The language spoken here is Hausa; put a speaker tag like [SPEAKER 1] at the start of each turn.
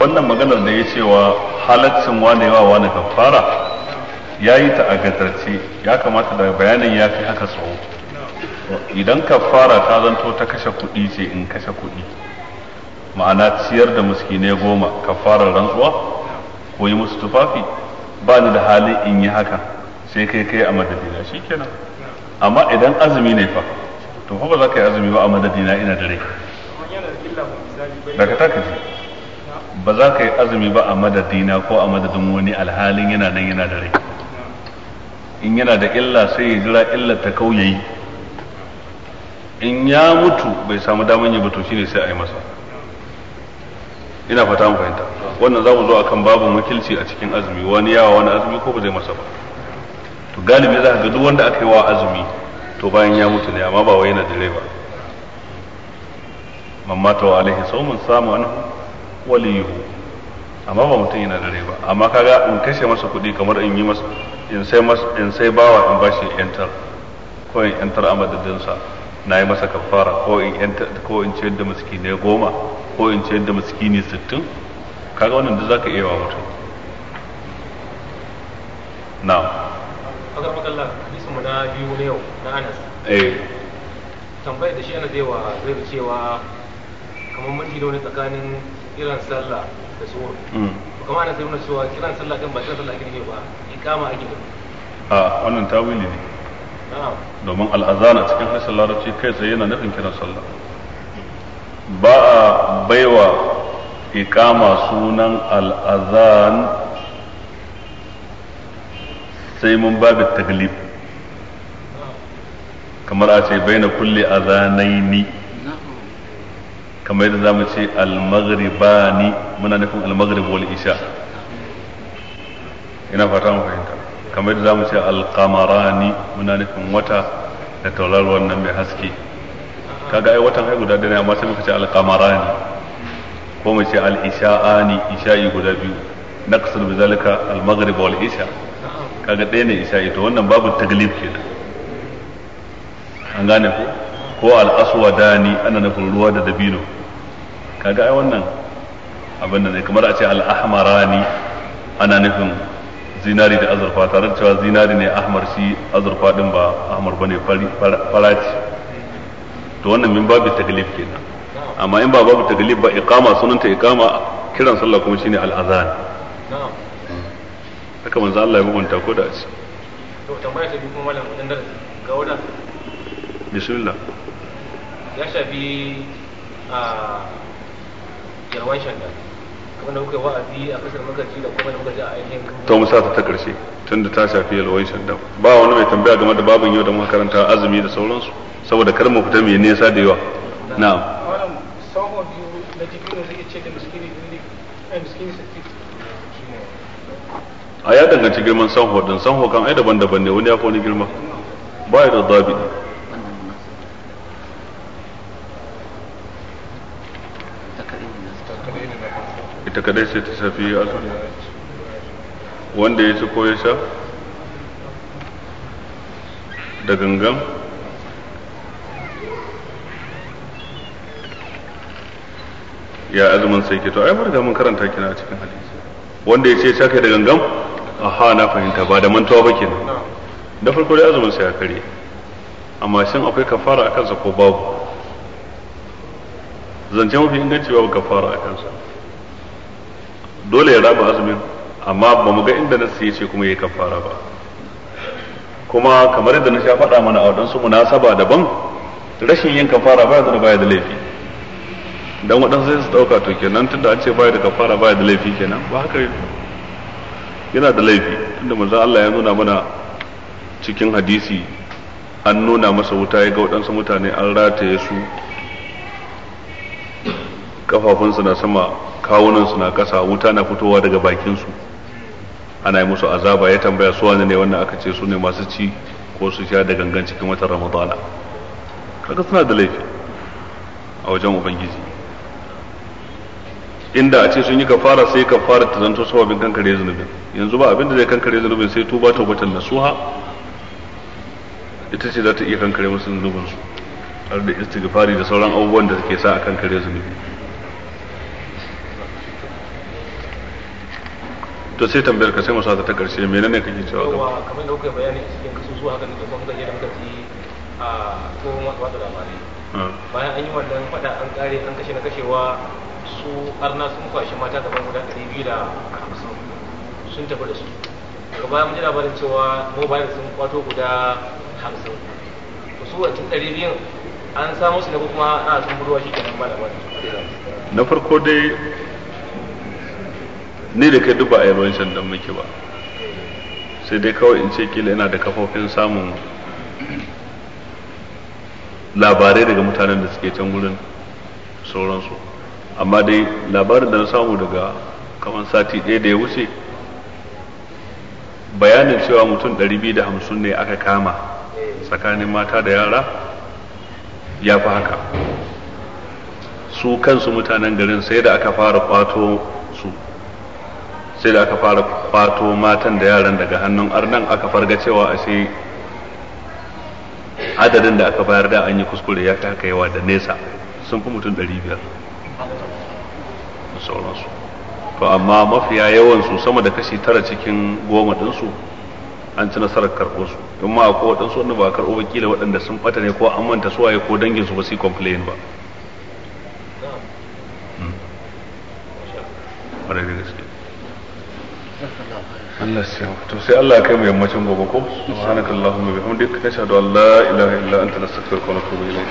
[SPEAKER 1] wannan maganar da ya cewa halaccin wane wa wane kafara ya yi ta agatarce ya kamata da bayanin ya fi haka tsawo idan kafara ta zanto ta kashe kuɗi ce in kashe kuɗi ma'ana ciyar da ne goma kafarar rantsuwa ko yi musu tufafi ba ni da hali in yi haka sai kai kai a madadina shi kenan amma idan azumi ne fa to fa ba za ka yi azumi ba a madadina ina da rai daga takaji ba za ka yi azumi ba a madadina ko a madadin wani alhalin yana nan yana da rai in yana da illa sai ya jira illa ta kauyayi in ya mutu bai samu daman yi ba to shine sai a yi masa ina fata mu fahimta wannan za mu zo akan babu wakilci a cikin azumi wani yawa wani azumi ko ba zai masa ba to galibi za ka ga duk wanda aka yi wa azumi to bayan ya mutu ne amma ba wai yana da rai ba mamma ta alaihi saumun samu anhu waliyu amma ba mutum yana da rai ba amma kaga in kashe masa kuɗi kamar in yi masa in sai masa in sai bawa in bashi yantar ko in yantar amadadin sa na yi masa kafara ko in yantar ko in ciyar da miskini goma ko in ciyar da miskini sittin kaga wannan da zaka iya wa mutum
[SPEAKER 2] Na. kaga bakalla hadisin na biyu na yau na Anas eh tambayar da shi ana zai wa zai cewa kamar mun da wani tsakanin kiran sallah da suwar mm. kamar ana sai nuna cewa kiran sallah kan ba kiran sallah ake ne ba ikama ake ne
[SPEAKER 1] a wannan tawili ne domin al'azana cikin harshen larabci kai tsaye yana nufin kiran sallah ba a baiwa ikama sunan al'azan sai mun babu taglib kamar a ce bai na kulle a zanai ni. kamar yadda za mu ce almagribani muna nufin almagrib wal isha ina fata mu fahimta kamar yadda za mu ce alqamarani muna nufin wata da tauraro wannan mai haske kaga ai watan ai guda ɗaya amma sai muka ce alqamarani ko mu ce al-isha'ani isha'i guda biyu naqsul bi zalika al-maghrib wal isha kaga ɗaya ne isha'i to wannan babu taglib kenan an gane ko ko al-aswadani ana nufin ruwa da dabino kaga ai wannan abin da ne kamar a ce al-ahmarani ana nufin zinari da azurfa tare da cewa zinari ne ahmar shi azurfa din ba ahmar bane faraci to wannan min babu taglib kenan amma in ba babu taglib ba iqama sunanta iqama kiran sallah kuma shine al-azan haka manzo Allah ya bubunta ko da shi
[SPEAKER 2] to tambaya ta biyu kuma malam dan da ga wannan bismillah ya shafi a ah, yalwan kamar da yi wa'azi a kasar makarci da kuma da muka ji a ainihin to musa ta ta
[SPEAKER 1] karshe tunda ta shafi yalwai shanda ba wani mai tambaya game da babin yau da muka karanta azumi da sauransu saboda kar mu fita mai nisa da yawa na'am
[SPEAKER 2] eh, a ya danganci
[SPEAKER 1] girman sanho din sanho kan ai daban-daban ne wani ya fi wani girma ba ya da zabi ita kadai sai ta shafi azumi wanda ya ci ko ya sha da gangan ya azumin sai ke to ai marga mun karanta kina a cikin hadisi wanda ya ce sha kai da gangan aha na fahimta ba da mantuwa ba kenan da farko dai azumin sai ya kare amma shin akwai kafara a kansa ko babu zance mafi inganci babu kafara a kansa dole ya raba azumin amma ba mu ga inda na ya ce kuma ya kafara ba kuma kamar yadda na sha faɗa mana a waɗansu munasaba daban rashin yin kafara ba da baya da laifi dan waɗansu sai su ɗauka to kenan tunda an ce baya da kafara baya da laifi kenan ba haka yana da laifi tunda manzo Allah ya nuna mana cikin hadisi an nuna masa wuta ya ga waɗansu mutane an rataye su kafafunsa na sama kawunan su na kasa wuta na fitowa daga bakin su ana yi musu azaba ya tambaya su wane ne wannan aka ce su ne masu ci ko su sha da gangan cikin watan ramadana kaga suna da laifi a wajen ubangiji inda a ce sun yi kafara sai kafara ta zanto sababin kankare zunubin yanzu ba abinda zai kankare zunubin sai tuba tawbatan nasuha ita ce za ta iya kankare musu zunubinsu har da istighfari da sauran abubuwan da suke sa a kankare zunubi to sai tambayar ka sai mu saka ta karshe menene kake cewa gaba
[SPEAKER 2] kamar da kuka bayani cikin kasusuwa haka ne kuma mutane da muka ci a tsohon wata labarai ah. bayan an yi wannan fada an kare an kashe na kashewa su arna sun kwashe mata gaban guda ɗari biyu da hamsin sun tafi da su daga baya mun ji labarin cewa mobile sun kwato guda hamsin su wancan ɗari biyun an samu su ne kuma ana sun buruwa shi kenan ba da
[SPEAKER 1] na farko dai ni da kai duba ba a yi ruwan muke ba sai dai kawai in ce kila yana da kafofin samun labarai daga mutanen da suke can gurin sauransu amma dai labarin da na samu daga kamar sati ɗaya da ya wuce bayanin cewa mutum 250 ne aka kama tsakanin mata da yara ya fi haka su kansu mutanen garin sai da aka fara kwato sai da aka fara kwato matan da yaran daga hannun arnan aka farga cewa sai adadin da aka bayar da an yi kuskure ya haka yawa da nesa sun fi mutum 500 da sauransu to amma mafiya yawansu sama da kashi tara cikin goma dinsu an ci nasarar karɓo su in ma ko waɗansu wanda ba karɓo ba kila waɗanda sun ɓata ne ko an manta suwaye ko danginsu ba su yi complain ba hmm. Allah ya to sai Allah
[SPEAKER 2] ya kai mu yammacin gobe ko subhanakallahumma bihamdika nashhadu an la ilaha illa anta nastaghfiruka wa natubu ilayk